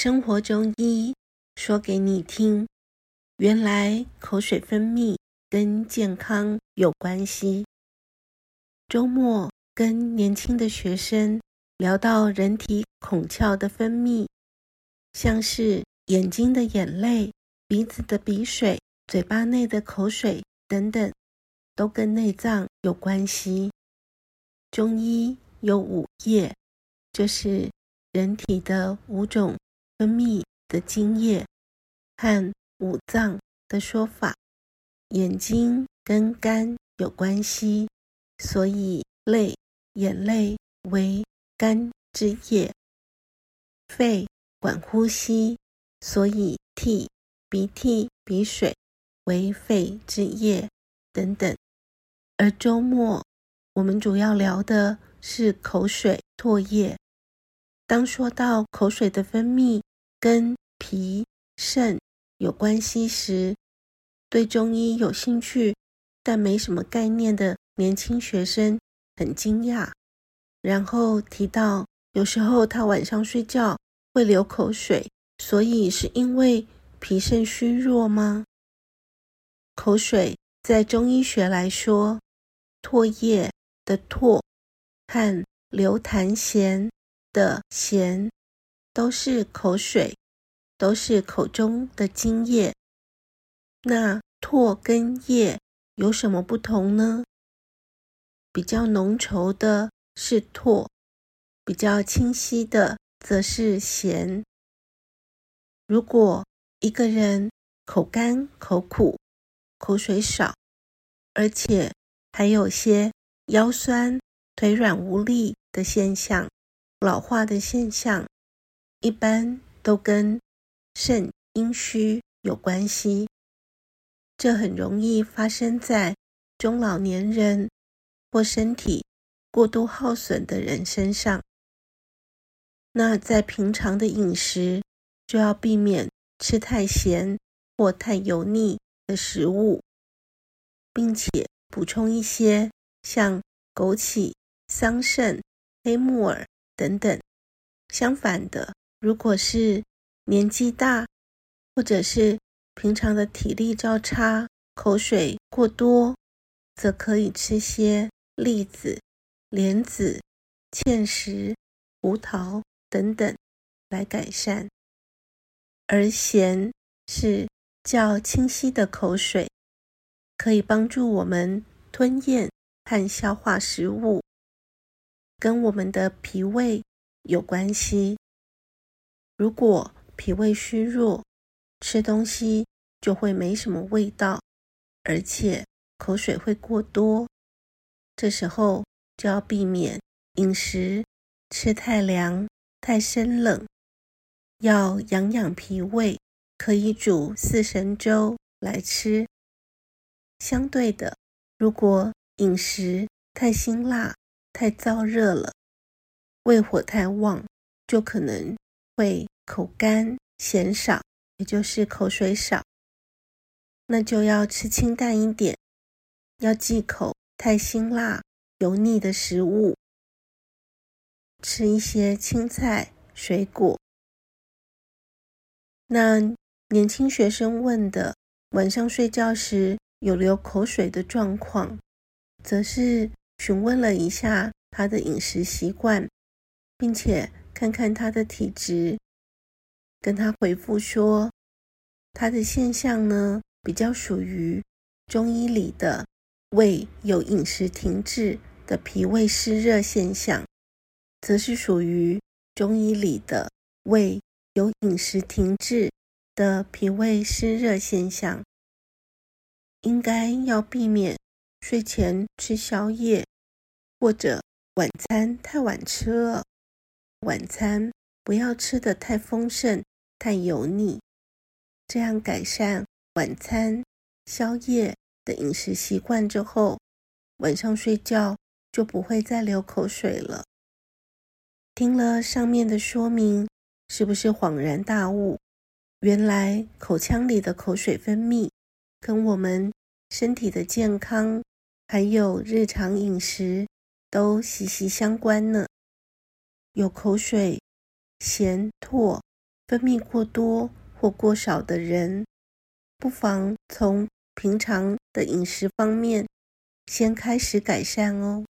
生活中醫說給你聽，原來口水分泌跟健康有關係。周末跟年輕的學生聊到人體孔竅的分泌，像是眼睛的眼淚、鼻子的鼻水、嘴巴內的口水等等，都跟內臟有關係。中醫有五液，就是人體的五種。分泌的津液和五臟的說法，眼睛跟肝有關係，所以淚、眼淚為肝之液；肺管呼吸，所以涕、鼻涕、鼻水為肺之液等等。而周末我們主要聊的是口水、唾液。當說到口水的分泌，跟脾腎有關係時，對中醫有興趣但沒什麼概念的年輕學生很驚訝。然後提到，有時候他晚上睡覺會流口水，所以是因為脾腎虛弱嗎？口水在中醫學來說，唾液的唾和流痰涎的涎。都是口水，都是口中的津液。那唾跟涎有什麼不同呢？比較濃稠的是唾，比較清稀的則是涎。如果一個人口乾、口苦、口水少，而且還有些腰酸、腿軟無力的現象，老化的現象。一般都跟腎陰虛有關係，這很容易發生在中老年人或身體過度耗損的人身上。那在平常的飲食就要避免吃太鹹或太油膩的食物，並且補充一些像枸杞、桑葚、黑木耳等等。相反的。如果是年紀大，或者是平常的體力較差、口水過多，則可以吃些栗子、蓮子、芡實、胡桃等等來改善。而涎是較清稀的口水，可以幫助我們吞嚥和消化食物，跟我們的脾胃有關係。如果脾胃虛弱，吃東西就會沒什麼味道，而且口水會過多。這時候就要避免飲食吃太涼、太生冷，要養養脾胃，可以煮四神粥來吃。相對的，如果飲食太辛辣、太燥熱了，胃火太旺，就可能。會口乾、涎少，也就是口水少，那就要吃清淡一點，要忌口，太辛辣、油膩的食物，吃一些青菜、水果。那年輕學生問的晚上睡覺時有流口水的狀況，則是詢問了一下他的飲食習慣，並且。看看他的體質，跟他回復說，他的現象呢，比較屬於中醫裡的胃有飲食停滯的脾胃濕熱現象，則是屬於中醫裡的胃有飲食停滯的脾胃濕熱現象，應該要避免睡前吃宵夜，或者晚餐太晚吃了。晚餐不要吃的太豐盛、太油膩，這樣改善晚餐、宵夜的飲食習慣之後，晚上睡覺就不會再流口水了。聽了上面的說明，是不是恍然大悟？原來口腔裡的口水分泌跟我們身體的健康還有日常飲食都息息相關呢。有口水、涎唾分泌過多或過少的人，不妨從平常的飲食方面先開始改善哦。